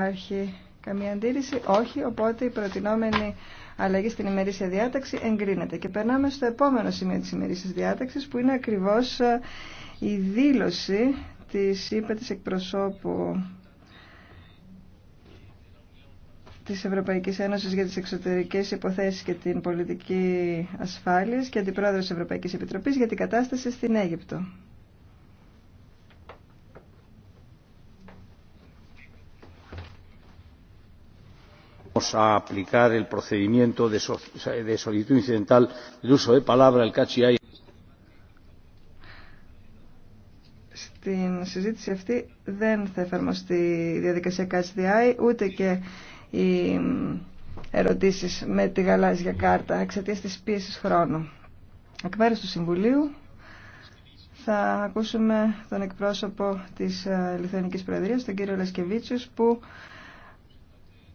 Υπάρχει καμία αντίρρηση. Όχι, οπότε η προτινόμενη αλλαγή στην ημερήσια διάταξη εγκρίνεται. Και περνάμε στο επόμενο σημείο της ημερήσιας διάταξης που είναι ακριβώς ε, η δήλωση της ΕΕ εκπροσώπου της Ευρωπαϊκής Ένωσης για τις εξωτερικές υποθέσεις και την πολιτική ασφάλειας και αντιπρόεδρος της Ευρωπαϊκής Επιτροπής για την κατάσταση στην Αίγυπτο. Στην συζήτηση αυτή δεν θα εφαρμοστεί η διαδικασία Catch ούτε και οι ερωτήσεις με τη γαλάζια κάρτα εξαιτίας της πίεσης χρόνου. Εκ μέρους του Συμβουλίου θα ακούσουμε τον εκπρόσωπο της ε, Λιθανικής Προεδρίας, τον κύριο Λασκεβίτσιος, που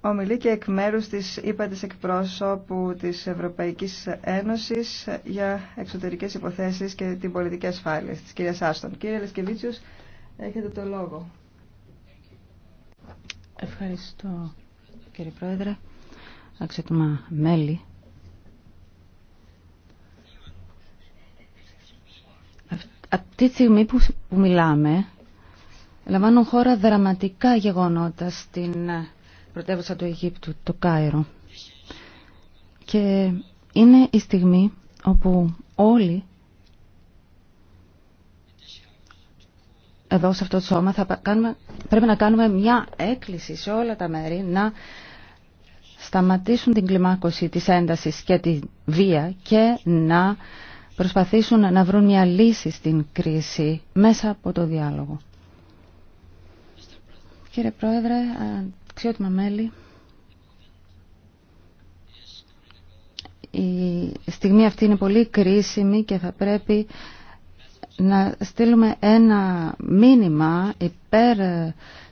ομιλεί και εκ μέρους της ΥΠΑ της εκπρόσωπου της Ευρωπαϊκής Ένωσης για εξωτερικές υποθέσεις και την πολιτική ασφάλεια της κυρίας Άστον. Κύριε Λεσκεβίτσιος, έχετε το λόγο. Ευχαριστώ κύριε Πρόεδρε. Αξιότιμα μέλη. Από τη στιγμή που μιλάμε, λαμβάνουν χώρα δραματικά γεγονότα στην πρωτεύουσα του Αιγύπτου, το Κάιρο. Και είναι η στιγμή όπου όλοι εδώ σε αυτό το σώμα θα κάνουμε, πρέπει να κάνουμε μια έκκληση σε όλα τα μέρη να σταματήσουν την κλιμάκωση της έντασης και τη βία και να προσπαθήσουν να βρουν μια λύση στην κρίση μέσα από το διάλογο. Κύριε Πρόεδρε, Αξιότιμα μέλη. Η στιγμή αυτή είναι πολύ κρίσιμη και θα πρέπει να στείλουμε ένα μήνυμα υπέρ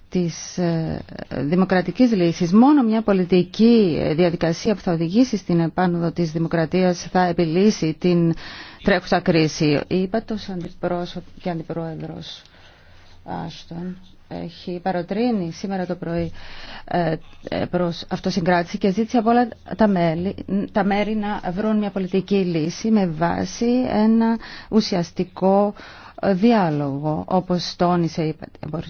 της ε, δημοκρατικής λύσης. Μόνο μια πολιτική ε, διαδικασία που θα οδηγήσει στην επάνωδο της δημοκρατίας θα επιλύσει την τρέχουσα κρίση. Είπα το αντιπρόσωπο και αντιπρόεδρος Άστον έχει παροτρύνει σήμερα το πρωί ε, ε, προς αυτοσυγκράτηση και ζήτησε από όλα τα, μέλη, τα μέρη να βρουν μια πολιτική λύση με βάση ένα ουσιαστικό ε, διάλογο, όπως τόνισε η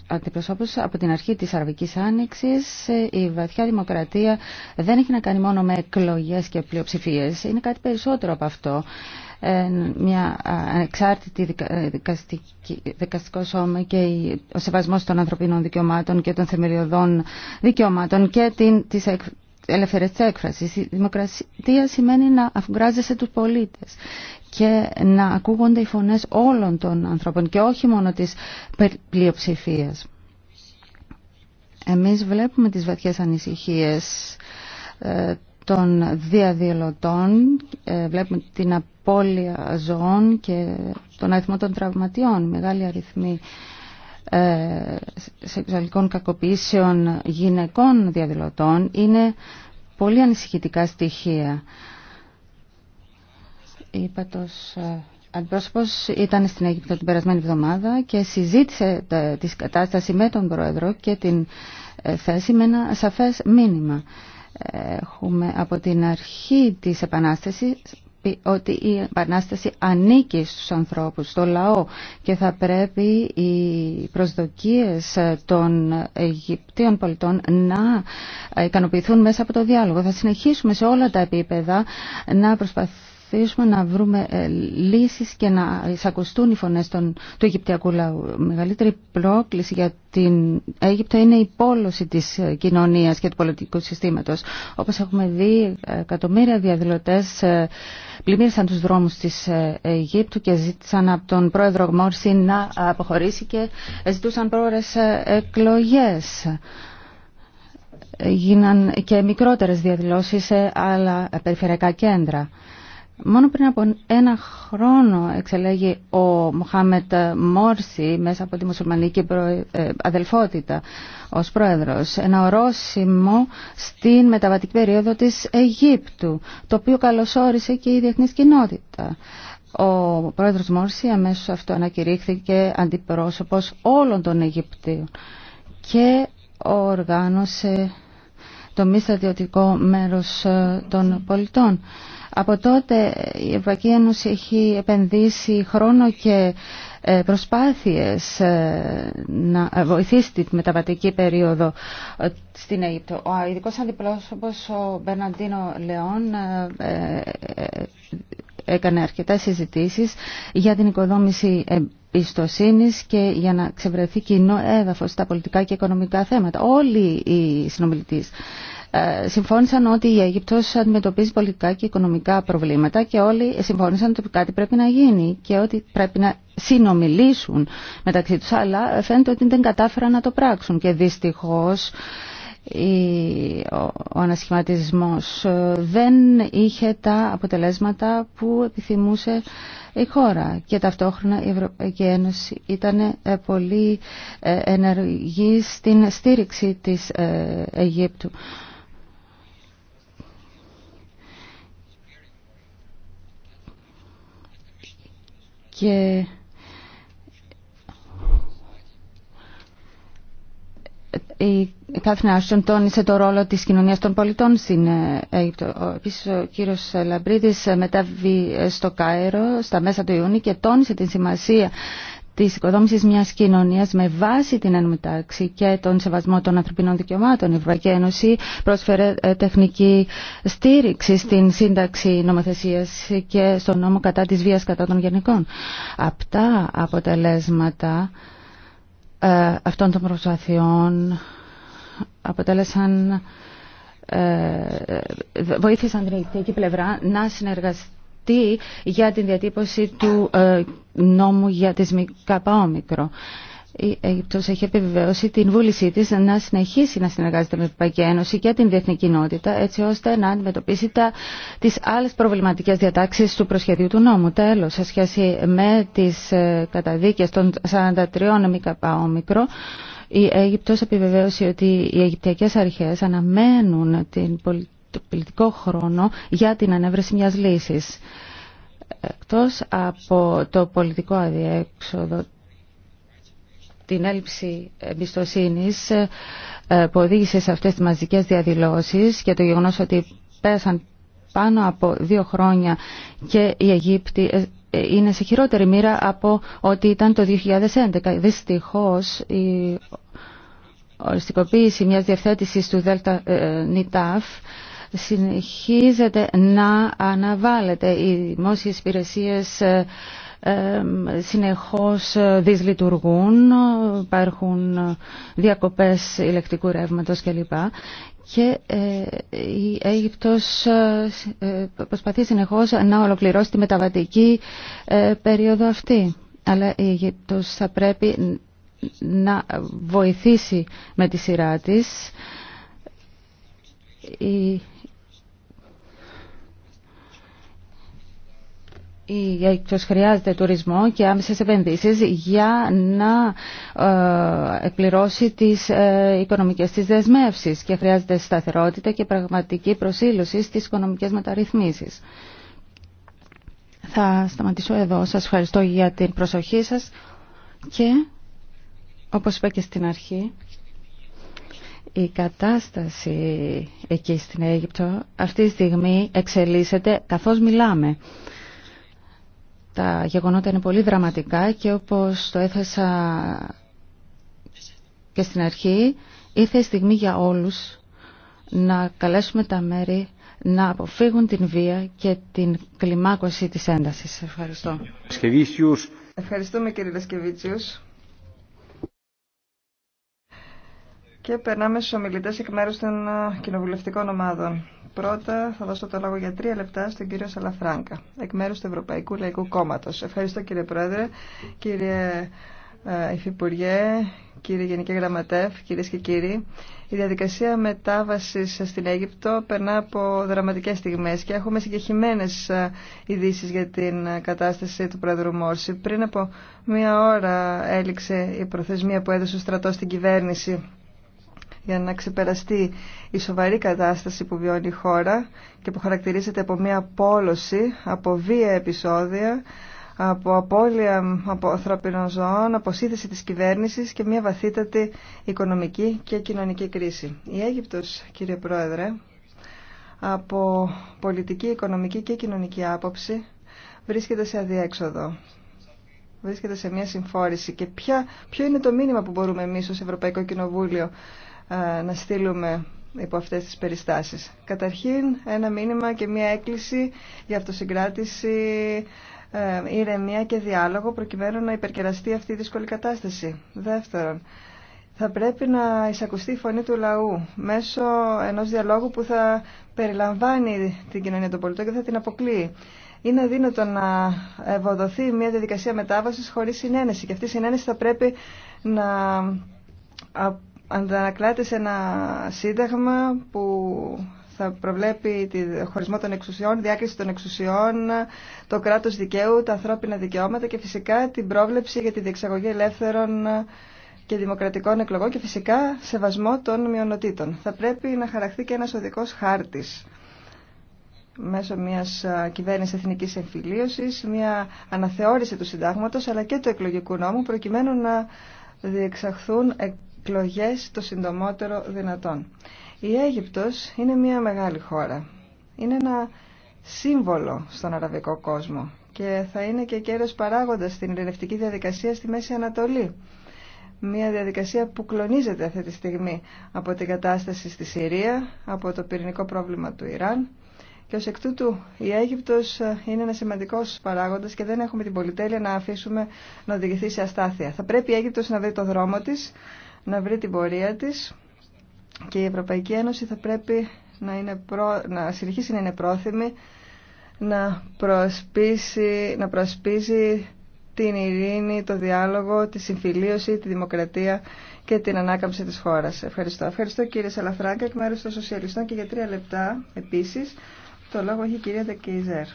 αντιπροσώπους από την αρχή της Αραβικής Άνοιξης. Η βαθιά δημοκρατία δεν έχει να κάνει μόνο με εκλογές και πλειοψηφίες, είναι κάτι περισσότερο από αυτό. Ε, μια ε, ανεξάρτητη ε, δικαστική, δικαστικό σώμα και ο σεβασμός των ανθρωπίνων δικαιωμάτων και των θεμελιωδών δικαιωμάτων και την, της ελευθερία της έκφρασης. Η δημοκρατία σημαίνει να αφουγκράζεσαι τους πολίτες και να ακούγονται οι φωνές όλων των ανθρώπων και όχι μόνο της πλειοψηφίας. Εμείς βλέπουμε τις βαθιές ανησυχίες των διαδηλωτών, ε, βλέπουμε την απώλεια ζώων και τον αριθμό των τραυματιών, μεγάλη αριθμή ε, σεξουαλικών κακοποιήσεων γυναικών διαδηλωτών είναι πολύ ανησυχητικά στοιχεία. Είπα ε, Αντιπρόσωπος ήταν στην Αίγυπτο την περασμένη εβδομάδα και συζήτησε τη κατάσταση με τον Πρόεδρο και την θέση με ένα σαφές μήνυμα έχουμε από την αρχή της Επανάστασης ότι η Επανάσταση ανήκει στους ανθρώπους, στο λαό και θα πρέπει οι προσδοκίες των Αιγυπτίων πολιτών να ικανοποιηθούν μέσα από το διάλογο. Θα συνεχίσουμε σε όλα τα επίπεδα να προσπαθούμε προσπαθήσουμε να βρούμε ε, λύσεις και να εισακουστούν οι φωνές των, του Αιγυπτιακού λαού. μεγαλύτερη πρόκληση για την Αίγυπτο είναι η πόλωση της ε, κοινωνίας και του πολιτικού συστήματος. Όπως έχουμε δει, εκατομμύρια διαδηλωτές ε, πλημμύρισαν τους δρόμους της Αιγύπτου και ζήτησαν από τον πρόεδρο Μόρση να αποχωρήσει και ζητούσαν πρόορες εκλογές γίναν και μικρότερες διαδηλώσεις σε άλλα περιφερειακά κέντρα. Μόνο πριν από ένα χρόνο εξελέγει ο Μοχάμετ Μόρση μέσα από τη μουσουλμανική ε, αδελφότητα ως πρόεδρος. Ένα ορόσημο στην μεταβατική περίοδο της Αιγύπτου, το οποίο καλωσόρισε και η διεθνής κοινότητα. Ο πρόεδρος Μόρση αμέσως αυτό ανακηρύχθηκε αντιπρόσωπος όλων των Αιγυπτίων και οργάνωσε το μη στρατιωτικό μέρος ε, των πολιτών. Από τότε η Ευρωπαϊκή Ένωση έχει επενδύσει χρόνο και ε, προσπάθειες ε, να ε, βοηθήσει τη μεταβατική περίοδο στην Αίγυπτο. Ο ειδικός αντιπρόσωπος, ο Μπερναντίνο Λεόν, έκανε αρκετά συζητήσεις για την οικοδόμηση εμπιστοσύνης και για να ξεβρεθεί κοινό έδαφος στα πολιτικά και οικονομικά θέματα. Όλοι οι συνομιλητές ε, συμφώνησαν ότι η Αίγυπτος αντιμετωπίζει πολιτικά και οικονομικά προβλήματα και όλοι συμφώνησαν ότι κάτι πρέπει να γίνει και ότι πρέπει να συνομιλήσουν μεταξύ τους, αλλά φαίνεται ότι δεν κατάφεραν να το πράξουν και δυστυχώς ο ανασχηματισμός ε, δεν είχε τα αποτελέσματα που επιθυμούσε η χώρα και ταυτόχρονα η Ευρωπαϊκή Ένωση ήταν ε, πολύ ενεργή στην στήριξη της Αιγύπτου. και η Κάθριν Άστον τόνισε το ρόλο της κοινωνίας των πολιτών στην Αίγυπτο. Επίσης ο κύριος Λαμπρίδης μετάβη στο Κάιρο στα μέσα του Ιούνιου και τόνισε την σημασία της οικοδόμησης μιας κοινωνίας με βάση την ενμετάξη και τον σεβασμό των ανθρωπινών δικαιωμάτων. Η Ευρωπαϊκή Ένωση πρόσφερε ε, τεχνική στήριξη στην σύνταξη νομοθεσίας και στον νόμο κατά της βίας κατά των γενικών. Αυτά αποτελέσματα ε, αυτών των προσπαθειών αποτέλεσαν ε, βοήθησαν την ελληνική πλευρά να συνεργαστεί αυτή για την διατύπωση του ε, νόμου για τις ΜΚΟ. η Αίγυπτος έχει επιβεβαιώσει την βούλησή της να συνεχίσει να συνεργάζεται με την Ευρωπαϊκή Ένωση και την διεθνή κοινότητα έτσι ώστε να αντιμετωπίσει τα, τις άλλες προβληματικές διατάξεις του προσχεδίου του νόμου. Τέλος, σε σχέση με τις ε, καταδίκες των 43 ΜΚΟ, η Αίγυπτος επιβεβαίωσε ότι οι Αιγυπτιακές αρχές αναμένουν την πολιτική πολιτικό χρόνο για την ανέβρεση μιας λύσης. Εκτός από το πολιτικό αδιέξοδο, την έλλειψη εμπιστοσύνη ε, που οδήγησε σε αυτές τις μαζικές διαδηλώσεις και το γεγονός ότι πέσαν πάνω από δύο χρόνια και η Αιγύπτη ε, ε, είναι σε χειρότερη μοίρα από ό,τι ήταν το 2011. Δυστυχώς η οριστικοποίηση μιας διευθέτησης του ΔΝΤΑΦ συνεχίζεται να αναβάλλεται. Οι δημόσιες υπηρεσίε ε, ε, συνεχώς δυσλειτουργούν, υπάρχουν διακοπές ηλεκτρικού ρεύματος κλπ. Και ε, η Αίγυπτος προσπαθεί συνεχώς να ολοκληρώσει τη μεταβατική περίοδο αυτή. Αλλά η Αίγυπτος θα πρέπει να βοηθήσει με τη σειρά της. Η Η ποιος χρειάζεται τουρισμό και άμεσες επενδύσεις για να ε, εκπληρώσει τις ε, οικονομικές της δεσμεύσεις και χρειάζεται σταθερότητα και πραγματική προσήλωση στις οικονομικές μεταρρυθμίσεις. Θα σταματήσω εδώ. Σας ευχαριστώ για την προσοχή σας και όπως είπα και στην αρχή η κατάσταση εκεί στην Αίγυπτο αυτή τη στιγμή εξελίσσεται καθώς μιλάμε. Τα γεγονότα είναι πολύ δραματικά και όπως το έθεσα και στην αρχή, ήρθε η στιγμή για όλους να καλέσουμε τα μέρη να αποφύγουν την βία και την κλιμάκωση της έντασης. Ευχαριστώ. Ευχαριστούμε κύριε Λασκεβίτσιος. Και περνάμε στους ομιλητές εκ μέρους των κοινοβουλευτικών ομάδων. Πρώτα θα δώσω το λόγο για τρία λεπτά στον κύριο Σαλαφράγκα, εκ μέρους του Ευρωπαϊκού Λαϊκού Κόμματος. Ευχαριστώ κύριε Πρόεδρε, κύριε ε, Υφυπουργέ, κύριε Γενική Γραμματεύ, κυρίε και κύριοι. Η διαδικασία μετάβαση στην Αίγυπτο περνά από δραματικέ στιγμέ και έχουμε συγκεχημένε ε, ειδήσει για την κατάσταση του Πρόεδρου Μόρση. Πριν από μία ώρα έληξε η προθεσμία που έδωσε ο στρατό στην κυβέρνηση για να ξεπεραστεί η σοβαρή κατάσταση που βιώνει η χώρα και που χαρακτηρίζεται από μια πόλωση, από βία επεισόδια, από απώλεια από ανθρώπινων ζωών, από σύνθεση της κυβέρνησης και μια βαθύτατη οικονομική και κοινωνική κρίση. Η Αίγυπτος, κύριε Πρόεδρε, από πολιτική, οικονομική και κοινωνική άποψη βρίσκεται σε αδιέξοδο. Βρίσκεται σε μια συμφόρηση. Και ποια, ποιο είναι το μήνυμα που μπορούμε εμείς ως Ευρωπαϊκό Κοινοβούλιο ε, να στείλουμε υπό αυτές τις περιστάσεις. Καταρχήν ένα μήνυμα και μια έκκληση για αυτοσυγκράτηση, ε, ηρεμία και διάλογο προκειμένου να υπερκεραστεί αυτή η δύσκολη κατάσταση. Δεύτερον, θα πρέπει να εισακουστεί η φωνή του λαού μέσω ενός διαλόγου που θα περιλαμβάνει την κοινωνία των πολιτών και θα την αποκλείει. Είναι αδύνατο να ευοδοθεί μια διαδικασία μετάβασης χωρίς συνένεση και αυτή η συνένεση θα πρέπει να αντανακλάται σε ένα σύνταγμα που θα προβλέπει τη χωρισμό των εξουσιών, διάκριση των εξουσιών, το κράτος δικαίου, τα ανθρώπινα δικαιώματα και φυσικά την πρόβλεψη για τη διεξαγωγή ελεύθερων και δημοκρατικών εκλογών και φυσικά σεβασμό των μειονοτήτων. Θα πρέπει να χαραχθεί και ένας οδικός χάρτης μέσω μιας κυβέρνησης εθνικής εμφυλίωσης, μια αναθεώρηση του συντάγματος αλλά και του εκλογικού νόμου προκειμένου να διεξαχθούν εκλογές το συντομότερο δυνατόν. Η Αίγυπτος είναι μια μεγάλη χώρα. Είναι ένα σύμβολο στον αραβικό κόσμο και θα είναι και κέρδος παράγοντας στην ειρηνευτική διαδικασία στη Μέση Ανατολή. Μια διαδικασία που κλονίζεται αυτή τη στιγμή από την κατάσταση στη Συρία, από το πυρηνικό πρόβλημα του Ιράν και ως εκ τούτου η Αίγυπτος ε, είναι ένα σημαντικός παράγοντας και δεν έχουμε την πολυτέλεια να αφήσουμε να οδηγηθεί σε αστάθεια. Θα πρέπει η Αίγυπτος να δει το δρόμο της να βρει την πορεία της και η Ευρωπαϊκή Ένωση θα πρέπει να, είναι προ... να συνεχίσει να είναι πρόθυμη να προσπίσει, να προσπίσει την ειρήνη, το διάλογο, τη συμφιλίωση, τη δημοκρατία και την ανάκαμψη της χώρας. Ευχαριστώ. Ευχαριστώ κύριε Σαλαφράγκα εκ μέρους των Σοσιαλιστών και για τρία λεπτά επίσης το λόγο έχει η κυρία Δεκεϊζέρ.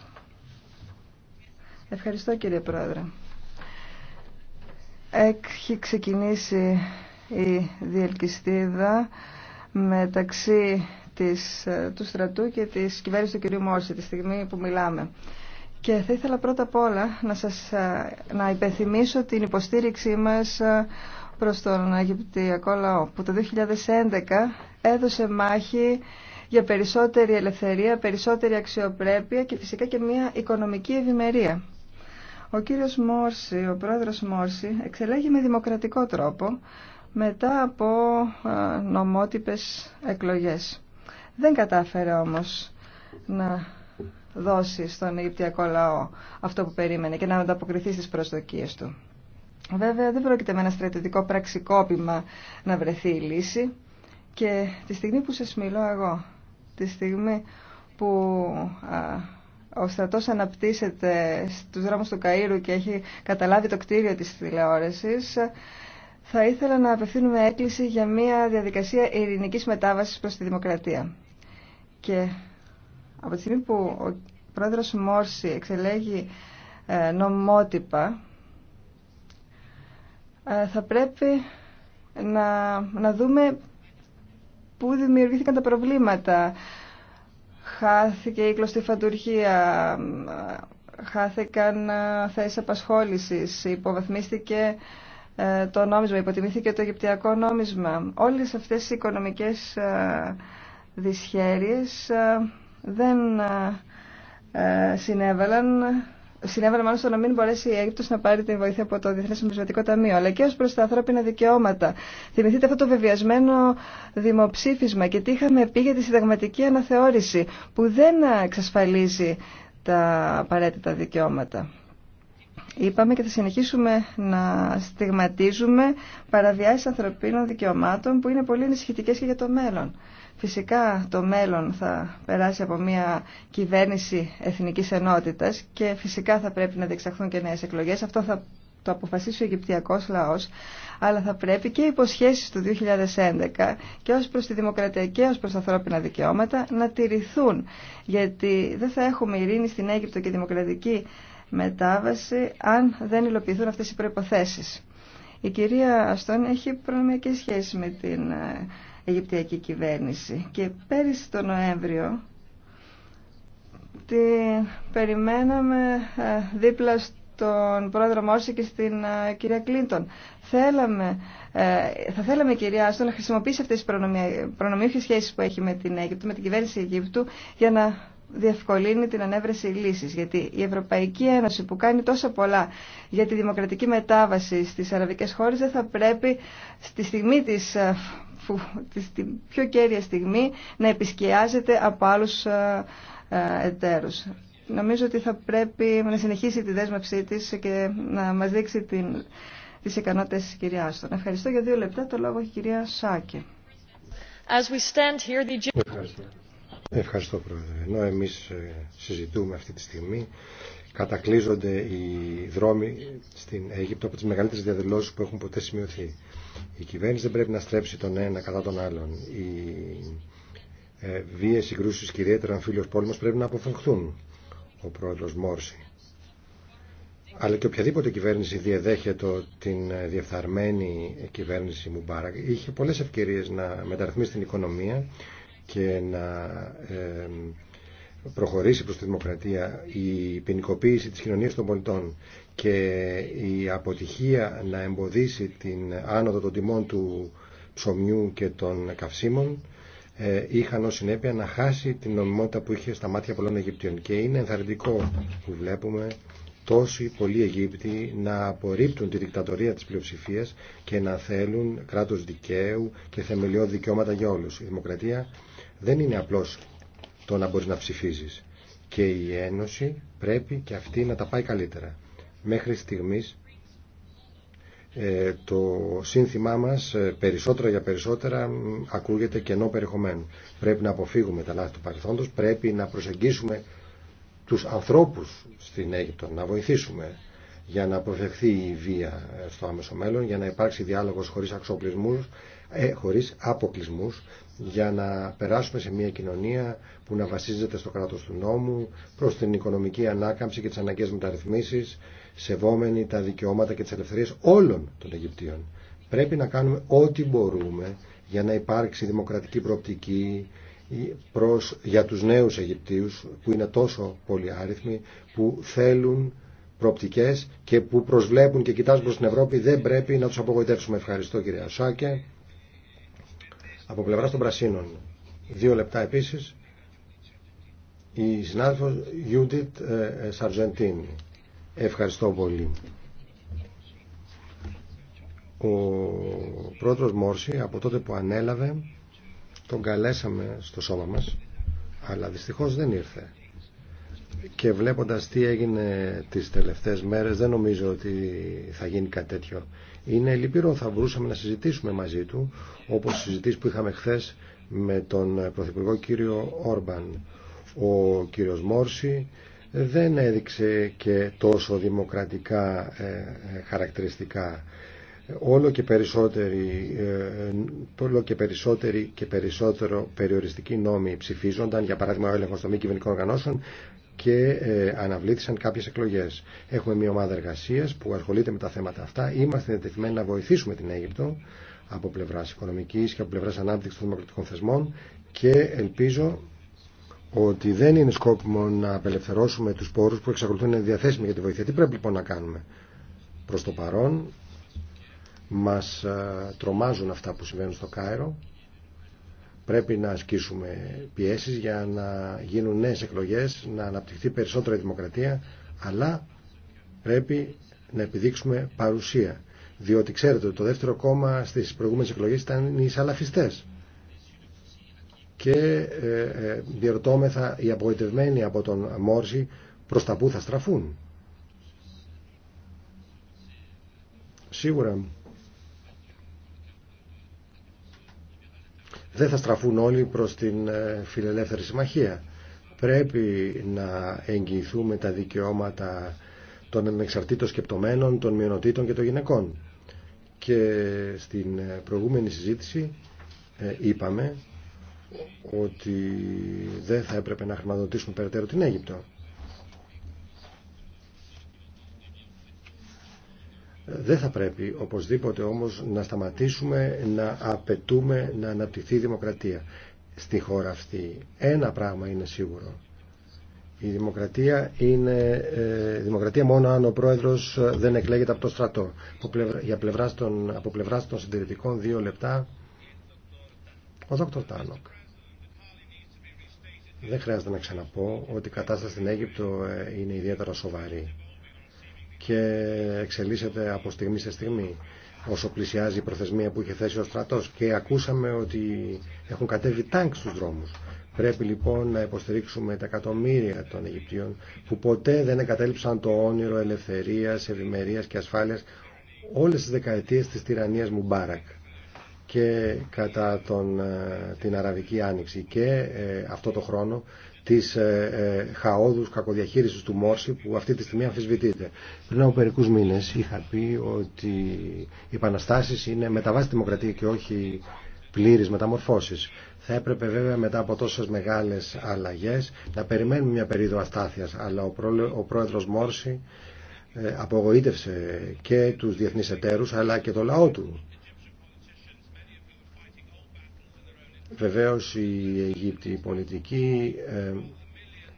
Ευχαριστώ κύριε Πρόεδρε. Έχει ξεκινήσει η διελκυστίδα μεταξύ της, του στρατού και της κυβέρνησης του κ. Μόρση τη στιγμή που μιλάμε. Και θα ήθελα πρώτα απ' όλα να, σας, να υπενθυμίσω την υποστήριξή μας προς τον Αιγυπτιακό λαό που το 2011 έδωσε μάχη για περισσότερη ελευθερία, περισσότερη αξιοπρέπεια και φυσικά και μια οικονομική ευημερία. Ο κύριος Μόρση, ο πρόεδρος Μόρση, εξελέγει με δημοκρατικό τρόπο μετά από νομότυπες εκλογές. Δεν κατάφερε όμως να δώσει στον Αιγυπτιακό λαό αυτό που περίμενε και να ανταποκριθεί στις προσδοκίες του. Βέβαια δεν πρόκειται με ένα στρατιωτικό πραξικόπημα να βρεθεί η λύση και τη στιγμή που σας μιλώ εγώ, τη στιγμή που ο στρατός αναπτύσσεται στους δρόμους του Καΐρου και έχει καταλάβει το κτίριο της τηλεόρασης, θα ήθελα να απευθύνουμε έκκληση για μια διαδικασία ειρηνικής μετάβασης προς τη δημοκρατία. Και από τη στιγμή που ο πρόεδρος Μόρση εξελέγει ε, νομότυπα, ε, θα πρέπει να, να δούμε πού δημιουργήθηκαν τα προβλήματα. Χάθηκε η κλωστή φαντουργία, ε, χάθηκαν θέσεις απασχόλησης, υποβαθμίστηκε ε, το νόμισμα, υποτιμήθηκε το Αιγυπτιακό νόμισμα. Όλες αυτές οι οικονομικές ε, δυσχέρειες ε, δεν συνέβαλαν συνέβαλε μάλλον στο να μην μπορέσει η Αίγυπτος να πάρει τη βοήθεια από το Διεθνές Νομισματικό Ταμείο, αλλά και ως προς τα ανθρώπινα δικαιώματα. Θυμηθείτε αυτό το βεβαιασμένο δημοψήφισμα και τι είχαμε πει για τη συνταγματική αναθεώρηση, που δεν εξασφαλίζει τα απαραίτητα δικαιώματα είπαμε και θα συνεχίσουμε να στιγματίζουμε παραβιάσεις ανθρωπίνων δικαιωμάτων που είναι πολύ ενισχυτικές και για το μέλλον. Φυσικά το μέλλον θα περάσει από μια κυβέρνηση εθνικής ενότητας και φυσικά θα πρέπει να διεξαχθούν και νέες εκλογές. Αυτό θα το αποφασίσει ο Αιγυπτιακός λαός, αλλά θα πρέπει και οι υποσχέσεις του 2011 και ως προς τη δημοκρατία και ως προς τα ανθρώπινα δικαιώματα να τηρηθούν, γιατί δεν θα έχουμε ειρήνη στην Αίγυπτο και δημοκρατική μετάβαση αν δεν υλοποιηθούν αυτές οι προϋποθέσεις. Η κυρία Αστόν έχει προνομιακή σχέση με την ε, Αιγυπτιακή κυβέρνηση και πέρυσι το Νοέμβριο την περιμέναμε ε, δίπλα στον πρόεδρο Μόρση και στην ε, κυρία Κλίντον. Θέλαμε, θα θέλαμε η κυρία Άστον να χρησιμοποιήσει αυτές τις προνομιούχες σχέσεις που έχει με την Αίγυπτο, με την κυβέρνηση Αιγύπτου για να διευκολύνει την ανέβρεση λύσης. Γιατί η Ευρωπαϊκή Ένωση που κάνει τόσο πολλά για τη δημοκρατική μετάβαση στις αραβικές χώρες δεν θα πρέπει στη στιγμή της, ε, τη πιο κέρια στιγμή να επισκιάζεται από άλλους ε, ε, εταίρους. Νομίζω ότι θα πρέπει να συνεχίσει τη δέσμευσή της και να μας δείξει την, τις ικανότητες της κυρία Άστον. Ευχαριστώ για δύο λεπτά. Το λόγο έχει η κυρία Σάκη. Ευχαριστώ Πρόεδρε. Ενώ εμείς ε, συζητούμε αυτή τη στιγμή, κατακλείζονται οι δρόμοι στην Αίγυπτο από τις μεγαλύτερες διαδηλώσεις που έχουν ποτέ σημειωθεί. Η κυβέρνηση δεν πρέπει να στρέψει τον ένα κατά τον άλλον. Οι ε, βίες συγκρούσεις και ιδιαίτερα αμφίλιος πόλεμος πρέπει να αποφευχθούν. Ο πρόεδρος Μόρση αλλά και οποιαδήποτε κυβέρνηση διεδέχεται την ε, διεφθαρμένη κυβέρνηση Μουμπάρακ είχε πολλές ευκαιρίες να μεταρρυθμίσει την οικονομία και να προχωρήσει προς τη δημοκρατία η ποινικοποίηση της κοινωνίας των πολιτών και η αποτυχία να εμποδίσει την άνοδο των τιμών του ψωμιού και των καυσίμων ε, είχαν ως συνέπεια να χάσει την νομιμότητα που είχε στα μάτια πολλών Αιγυπτιών. Και είναι ενθαρρυντικό που βλέπουμε τόσοι πολλοί Αιγύπτιοι να απορρίπτουν τη δικτατορία της πλειοψηφίας και να θέλουν κράτος δικαίου και θεμελιώδη δικαιώματα για όλους. Η δημοκρατία δεν είναι απλώς το να μπορείς να ψηφίζεις. Και η Ένωση πρέπει και αυτή να τα πάει καλύτερα. Μέχρι στιγμής ε, το σύνθημά μας ε, περισσότερα για περισσότερα ακούγεται κενό περιεχομένου. Πρέπει να αποφύγουμε τα λάθη του παρελθόντος, πρέπει να προσεγγίσουμε τους ανθρώπους στην Αίγυπτο, να βοηθήσουμε για να αποφευχθεί η βία ε, στο άμεσο μέλλον, για να υπάρξει διάλογος χωρίς αξοπλισμούς, ε, χωρίς αποκλεισμούς για να περάσουμε σε μια κοινωνία που να βασίζεται στο κράτος του νόμου, προς την οικονομική ανάκαμψη και τις αναγκαίες μεταρρυθμίσεις, σεβόμενοι τα δικαιώματα και τις ελευθερίες όλων των Αιγυπτίων. Πρέπει να κάνουμε ό,τι μπορούμε για να υπάρξει δημοκρατική προοπτική προς, για τους νέους Αιγυπτίους που είναι τόσο άριθμοι που θέλουν προοπτικές και που προσβλέπουν και κοιτάζουν προς την Ευρώπη. Δεν πρέπει να τους απογοητεύσουμε. Ευχαριστώ κύριε Ασάκε από πλευρά των Πρασίνων. Δύο λεπτά επίση. η συνάδελφο Γιούντιτ ε, ε, Σαρτζεντίνη. Ευχαριστώ πολύ. Ο πρόεδρος Μόρση από τότε που ανέλαβε τον καλέσαμε στο σώμα μας αλλά δυστυχώς δεν ήρθε. Και βλέποντας τι έγινε τις τελευταίες μέρες δεν νομίζω ότι θα γίνει κάτι τέτοιο. Είναι λυπηρό, θα μπορούσαμε να συζητήσουμε μαζί του, όπως συζητήσει που είχαμε χθε με τον Πρωθυπουργό κύριο Όρμπαν. Ο κύριος Μόρση δεν έδειξε και τόσο δημοκρατικά ε, ε, χαρακτηριστικά. Όλο και, περισσότεροι, ε, και και περισσότερο περιοριστικοί νόμοι ψηφίζονταν, για παράδειγμα ο έλεγχο των μη κυβερνικών οργανώσεων, και ε, αναβλήθησαν κάποιες εκλογές. Έχουμε μια ομάδα εργασίας που ασχολείται με τα θέματα αυτά. Είμαστε εντεθειμένοι να βοηθήσουμε την Αίγυπτο από πλευράς οικονομικής και από πλευράς ανάπτυξης των δημοκρατικών θεσμών και ελπίζω ότι δεν είναι σκόπιμο να απελευθερώσουμε τους πόρους που εξακολουθούν να είναι διαθέσιμοι για τη βοήθεια. Τι πρέπει λοιπόν να κάνουμε προς το παρόν. Μας ε, τρομάζουν αυτά που συμβαίνουν στο Κάιρο πρέπει να ασκήσουμε πιέσεις για να γίνουν νέες εκλογές, να αναπτυχθεί περισσότερη δημοκρατία, αλλά πρέπει να επιδείξουμε παρουσία. Διότι ξέρετε ότι το δεύτερο κόμμα στις προηγούμενες εκλογές ήταν οι σαλαφιστές. Και ε, ε διερωτώμεθα οι απογοητευμένοι από τον Μόρση προς τα που θα στραφούν. Σίγουρα δεν θα στραφούν όλοι προς την ε, φιλελεύθερη συμμαχία. Πρέπει να εγγυηθούμε τα δικαιώματα των εξαρτήτων σκεπτομένων, των μειονοτήτων και των γυναικών. Και στην ε, προηγούμενη συζήτηση ε, είπαμε ότι δεν θα έπρεπε να χρηματοδοτήσουμε περαιτέρω την Αίγυπτο. Δεν θα πρέπει οπωσδήποτε όμως να σταματήσουμε να απαιτούμε να αναπτυχθεί η δημοκρατία στη χώρα αυτή. Ένα πράγμα είναι σίγουρο. Η δημοκρατία είναι ε, δημοκρατία μόνο αν ο πρόεδρος δεν εκλέγεται από το στρατό. Για των, από πλευράς των συντηρητικών δύο λεπτά ο Δόκτωρ Τάνοκ. Δεν χρειάζεται να ξαναπώ ότι η κατάσταση στην Αίγυπτο ε, είναι ιδιαίτερα σοβαρή και εξελίσσεται από στιγμή σε στιγμή όσο πλησιάζει η προθεσμία που είχε θέσει ο στρατός και ακούσαμε ότι έχουν κατέβει τάγκ στους δρόμους. Πρέπει λοιπόν να υποστηρίξουμε τα εκατομμύρια των Αιγυπτίων που ποτέ δεν εγκατέλειψαν το όνειρο ελευθερίας, ευημερίας και ασφάλειας όλες τις δεκαετίες της τυραννίας Μουμπάρακ και κατά τον, ε, την Αραβική Άνοιξη και ε, αυτό το χρόνο Τη ε, ε, χαόδους κακοδιαχείρισης του Μόρση που αυτή τη στιγμή αμφισβητείται. Πριν από μερικού μήνε είχα πει ότι οι επαναστάσει είναι με βάση δημοκρατία και όχι πλήρης μεταμορφώσει. Θα έπρεπε βέβαια μετά από τόσε μεγάλες αλλαγέ να περιμένουμε μια περίοδο αστάθεια, αλλά ο πρόεδρος Μόρση ε, απογοήτευσε και τους διεθνείς εταίρους αλλά και το λαό του Βεβαίως η Αιγύπτιοι πολιτικοί ε,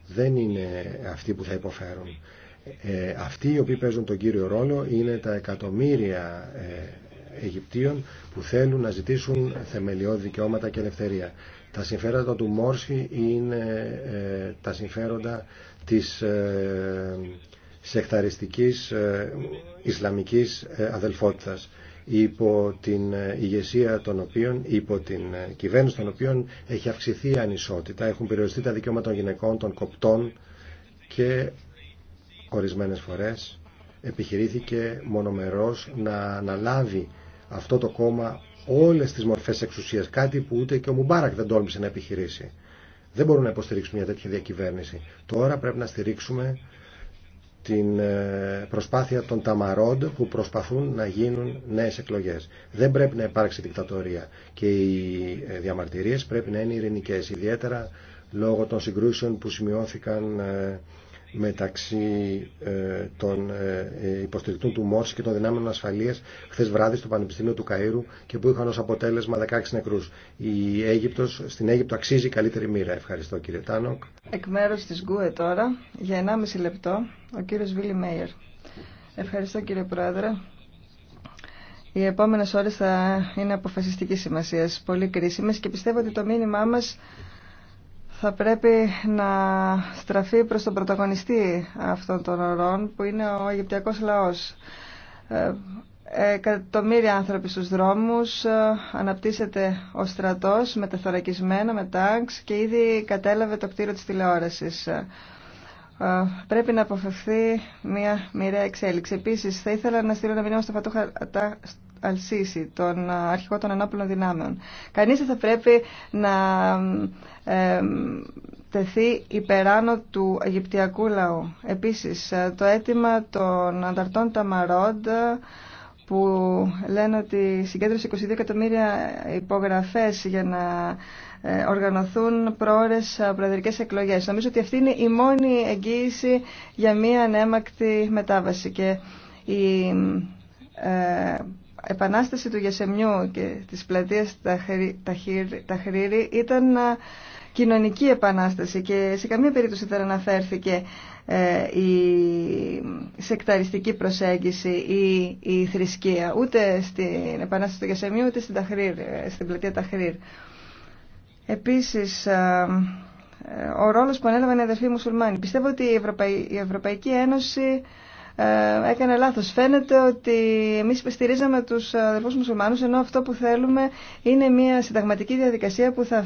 δεν είναι αυτοί που θα υποφέρουν. Ε, αυτοί οι οποίοι παίζουν τον κύριο ρόλο είναι τα εκατομμύρια ε, Αιγυπτίων που θέλουν να ζητήσουν θεμελιώδη δικαιώματα και ελευθερία. Τα συμφέροντα του Μόρση είναι τα συμφέροντα της σεκταριστικής Ισλαμικής αδελφότητας υπό την ε, ηγεσία των οποίων, υπό την ε, κυβέρνηση των οποίων έχει αυξηθεί η ανισότητα, έχουν περιοριστεί τα δικαιώματα των γυναικών, των κοπτών και ορισμένες φορές επιχειρήθηκε μονομερός να αναλάβει αυτό το κόμμα όλες τις μορφές εξουσίας, κάτι που ούτε και ο Μουμπάρακ δεν τόλμησε να επιχειρήσει. Δεν μπορούμε να υποστηρίξουμε μια τέτοια διακυβέρνηση. Τώρα πρέπει να στηρίξουμε την ε, προσπάθεια των Ταμαρόντ που προσπαθούν να γίνουν νέες εκλογές. Δεν πρέπει να υπάρξει δικτατορία και οι ε, διαμαρτυρίες πρέπει να είναι ειρηνικές, ιδιαίτερα λόγω των συγκρούσεων που σημειώθηκαν ε, μεταξύ ε, των ε, υποστηρικτών του Μόρση και των δυνάμεων ασφαλεία χθε βράδυ στο Πανεπιστήμιο του Καΐρου και που είχαν ω αποτέλεσμα 16 νεκρού. Η Αίγυπτος, στην Αίγυπτο αξίζει καλύτερη μοίρα. Ευχαριστώ κύριε Τάνοκ. Εκ μέρου τη Γκουε τώρα, για 1,5 λεπτό, ο κύριο Βίλι Μέιερ. Ευχαριστώ κύριε Πρόεδρε. Οι επόμενε ώρε θα είναι αποφασιστική σημασία, πολύ κρίσιμε και πιστεύω ότι το μήνυμά μα θα πρέπει να στραφεί προς τον πρωταγωνιστή αυτών των ορών που είναι ο Αιγυπτιακός λαός. Ε, εκατομμύρια άνθρωποι στους δρόμους, ε, αναπτύσσεται ο στρατός με τεθωρακισμένα, με τάγκ και ήδη κατέλαβε το κτίριο της τηλεόρασης. Ε, πρέπει να αποφευθεί μια μοιραία εξέλιξη. Επίσης, θα ήθελα να στείλω ένα μήνυμα στο Φατούχα Αλσίση, τον ε, αρχηγό των ανάπλων δυνάμεων. Κανείς δεν θα πρέπει να ε, τεθεί υπεράνω του Αιγυπτιακού λαού. Επίσης, ε, το αίτημα των ανταρτών Ταμαρόντ που λένε ότι συγκέντρωσε 22 εκατομμύρια υπογραφές για να οργανωθούν πρόορες προεδρικές εκλογές. Νομίζω ότι αυτή είναι η μόνη εγγύηση για μία ανέμακτη μετάβαση και η επανάσταση του γιασεμιού και της πλατείας Ταχρήρη ήταν ε, κοινωνική επανάσταση και σε καμία περίπτωση δεν αναφέρθηκε ε, η σεκταριστική προσέγγιση ή η θρησκεία ούτε στην επανάσταση του Γεσεμιού ούτε στην, Ταχρήρ, ε, στην πλατεία Ταχρήρ. Επίσης, ο ρόλος που ανέλαβαν οι αδερφοί μουσουλμάνοι. Πιστεύω ότι η θρησκεια ουτε στην επανασταση του Γιασεμιού ουτε στην πλατεια Ταχρήρη. επισης Ένωση ε, έκανε λάθος. Φαίνεται ότι εμείς στηρίζαμε τους αδερφούς μουσουλμάνους, ενώ αυτό που θέλουμε είναι μια συνταγματική διαδικασία που θα,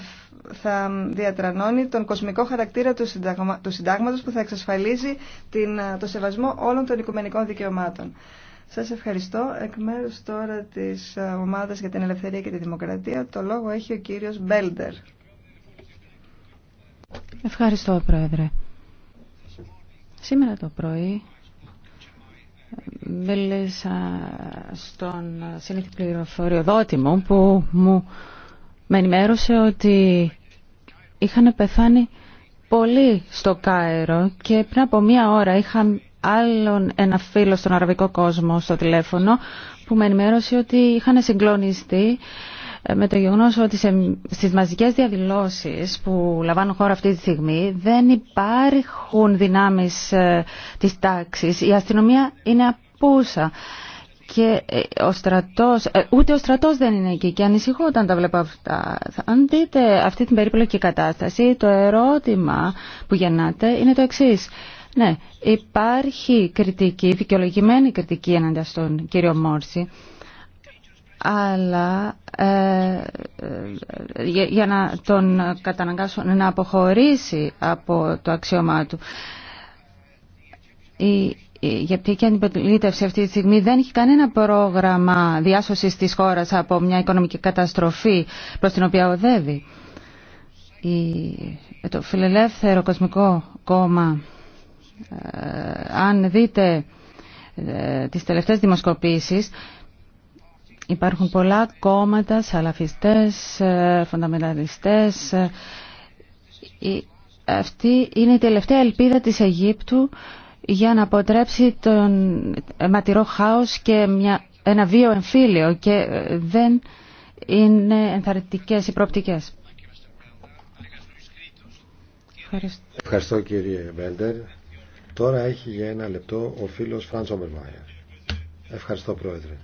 θα διατρανώνει τον κοσμικό χαρακτήρα του, συνταγμα, του συντάγματος που θα εξασφαλίζει την, το σεβασμό όλων των οικουμενικών δικαιωμάτων. Σας ευχαριστώ. Εκ μέρους τώρα της Ομάδας για την Ελευθερία και τη Δημοκρατία, το λόγο έχει ο κύριος Μπέλντερ. Ευχαριστώ, Πρόεδρε. Σήμερα το πρωί μίλησα στον συνήθι πληροφοριοδότη μου που μου με ενημέρωσε ότι είχαν πεθάνει πολύ στο Κάιρο και πριν από μία ώρα είχαν άλλον ένα φίλο στον αραβικό κόσμο στο τηλέφωνο που με ενημέρωσε ότι είχαν συγκλονιστεί ε, με το γεγονό ότι στι στις μαζικές που λαμβάνουν χώρα αυτή τη στιγμή δεν υπάρχουν δυνάμεις ε, της τάξης. Η αστυνομία είναι απούσα και ε, ο στρατός, ούτε ο στρατός δεν είναι εκεί και ανησυχώ όταν τα βλέπω αυτά. Αν δείτε αυτή την περίπλοκη κατάσταση, το ερώτημα που γεννάτε είναι το εξής. Ναι, υπάρχει κριτική, δικαιολογημένη κριτική εναντίον στον κύριο Μόρση αλλά ε, ε, για, να τον καταναγκάσουν να αποχωρήσει από το αξιώμα του. Η, η Αιγυπτιακή Αντιπολίτευση αυτή τη στιγμή δεν έχει κανένα πρόγραμμα διάσωσης της χώρας από μια οικονομική καταστροφή προς την οποία οδεύει. Η, το Φιλελεύθερο Κοσμικό Κόμμα, ε, αν δείτε ε, τις τελευταίες δημοσκοπήσεις, Υπάρχουν πολλά κόμματα, σαλαφιστές, ε, φονταμεταλιστές. Ε, αυτή είναι η τελευταία ελπίδα της Αιγύπτου για να αποτρέψει τον ματηρό χάος και μια, ένα βίο εμφύλιο και ε, δεν είναι ενθαρρυντικές οι προοπτικές. Ευχαριστώ. κύριε Μπέντερ. Τώρα έχει για ένα λεπτό ο φίλος Φραντς Ομπερμάιερ. Ευχαριστώ πρόεδρε.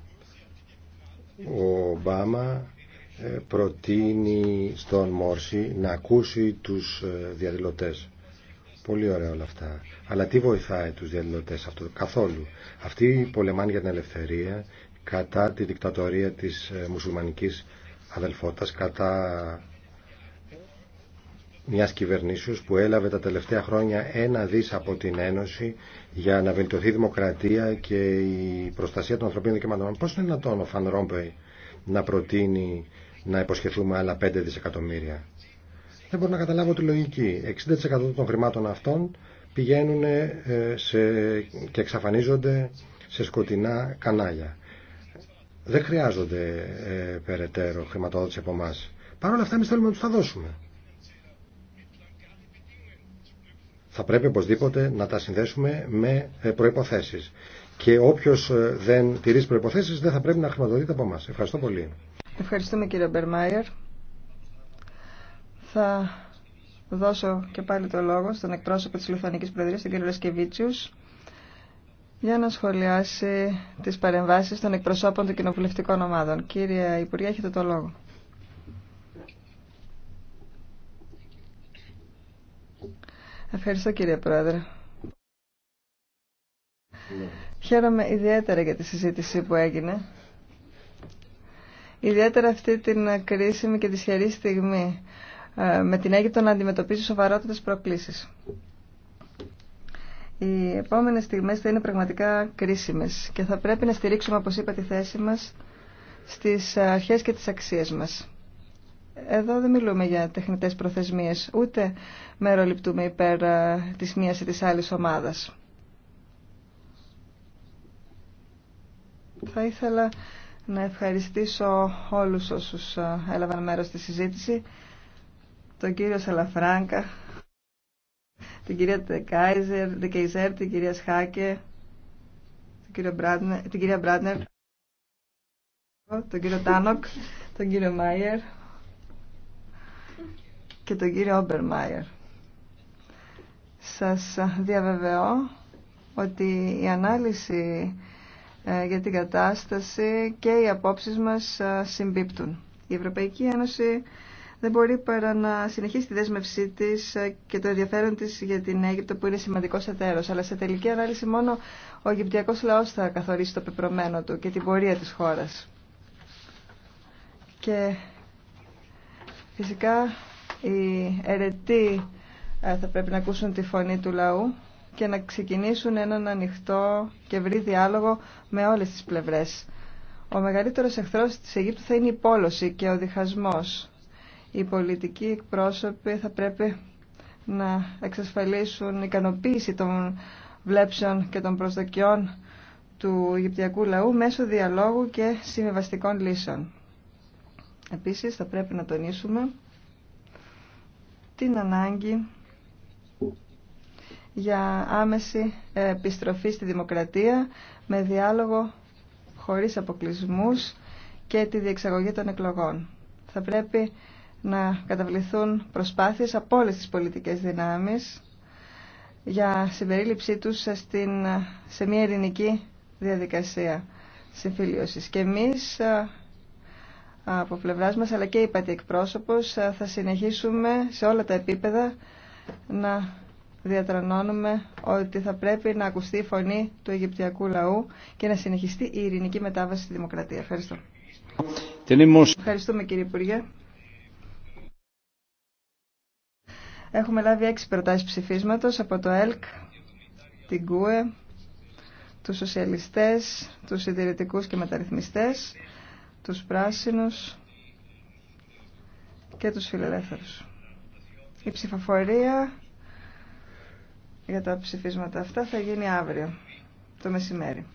Ο Ομπάμα ε, προτείνει στον Μόρση να ακούσει τους ε, διαδηλωτές. Πολύ ωραία όλα αυτά. Αλλά τι βοηθάει τους διαδηλωτές αυτό καθόλου. Αυτοί πολεμάνε για την ελευθερία κατά τη δικτατορία της ε, μουσουλμανικής αδελφότητας, κατά μιας κυβερνήσεως που έλαβε τα τελευταία χρόνια ένα δις από την Ένωση για να βελτιωθεί η δημοκρατία και η προστασία των ανθρωπίνων δικαιωμάτων. Πώς είναι δυνατόν ο Φαν Ρόμπεϊ να προτείνει να υποσχεθούμε άλλα 5 δισεκατομμύρια. Δεν μπορώ να καταλάβω τη λογική. 60% των χρημάτων αυτών πηγαίνουν ε, σε... και εξαφανίζονται σε σκοτεινά κανάλια. Δεν χρειάζονται ε, περαιτέρω χρηματοδότηση από εμά. Παρ' όλα αυτά, εμεί θέλουμε να του τα δώσουμε. θα πρέπει οπωσδήποτε να τα συνδέσουμε με ε, προϋποθέσεις. Και όποιος ε, δεν τηρήσει προϋποθέσεις δεν θα πρέπει να χρηματοδοτείται από εμά. Ευχαριστώ πολύ. Ευχαριστούμε κύριε Μπερμάιερ. Θα δώσω και πάλι το λόγο στον εκπρόσωπο της Λουθανικής Προεδρίας, τον κύριο Λεσκεβίτσιους, για να σχολιάσει τις παρεμβάσεις των εκπροσώπων των κοινοβουλευτικών ομάδων. Κύριε Υπουργέ, έχετε το λόγο. Ευχαριστώ κύριε Πρόεδρε. Χαίρομαι ιδιαίτερα για τη συζήτηση που έγινε. Ιδιαίτερα αυτή την κρίσιμη και δυσχερή στιγμή ε, με την Αίγυπτο να αντιμετωπίζει σοβαρότητες προκλήσεις. Οι επόμενες στιγμές θα είναι πραγματικά κρίσιμες και θα πρέπει να στηρίξουμε, όπως είπα, τη θέση μας στις αρχές και τις αξίες μας. Εδώ δεν μιλούμε για τεχνητές προθεσμίες, ούτε μεροληπτούμε υπέρ ε, της μίας ή της άλλης ομάδας. Θα ήθελα να ευχαριστήσω όλους όσους ε, έλαβαν μέρος στη συζήτηση, τον κύριο Σαλαφράγκα, την κυρία Τεκάιζερ, την κυρία Σχάκε, την κυρία Μπράτνερ, τον κύριο Τάνοκ, τον κύριο Μάιερ, και τον κύριο Όμπερμαϊερ. Σας διαβεβαιώ ότι η ανάλυση ε, για την κατάσταση και οι απόψεις μας ε, συμπίπτουν. Η Ευρωπαϊκή Ένωση δεν μπορεί παρά να συνεχίσει τη δέσμευσή της ε, και το ενδιαφέρον της για την Αίγυπτο που είναι σημαντικό εταίρο. Αλλά σε τελική ανάλυση μόνο ο αιγυπτιακός λαός θα καθορίσει το πεπρωμένο του και την πορεία της χώρας. Και φυσικά οι αιρετοί ε, θα πρέπει να ακούσουν τη φωνή του λαού και να ξεκινήσουν έναν ανοιχτό και ευρύ διάλογο με όλες τις πλευρές. Ο μεγαλύτερος εχθρός της Αιγύπτου θα είναι η πόλωση και ο διχασμός. Οι πολιτικοί εκπρόσωποι θα πρέπει να εξασφαλίσουν ικανοποίηση των βλέψεων και των προσδοκιών του Αιγυπτιακού λαού μέσω διαλόγου και συμβιβαστικών λύσεων. Επίσης θα πρέπει να τονίσουμε την ανάγκη για άμεση επιστροφή στη δημοκρατία με διάλογο χωρίς αποκλεισμούς και τη διεξαγωγή των εκλογών. Θα πρέπει να καταβληθούν προσπάθειες από όλες τις πολιτικές δυνάμεις για συμπερίληψή τους στην, σε μια ειρηνική διαδικασία συμφιλίωσης. Και εμείς από πλευράς μας, αλλά και η Πατή Εκπρόσωπος, θα συνεχίσουμε σε όλα τα επίπεδα να διατρανώνουμε ότι θα πρέπει να ακουστεί η φωνή του Αιγυπτιακού λαού και να συνεχιστεί η ειρηνική μετάβαση στη δημοκρατία. Ευχαριστώ. Ευχαριστούμε κύριε Υπουργέ. Έχουμε λάβει έξι προτάσεις ψηφίσματος από το ΕΛΚ, την ΚΟΕ, τους σοσιαλιστές, τους συντηρητικούς και μεταρρυθμιστές τους πράσινους και τους φιλελεύθερους. Η ψηφοφορία για τα ψηφίσματα αυτά θα γίνει αύριο, το μεσημέρι.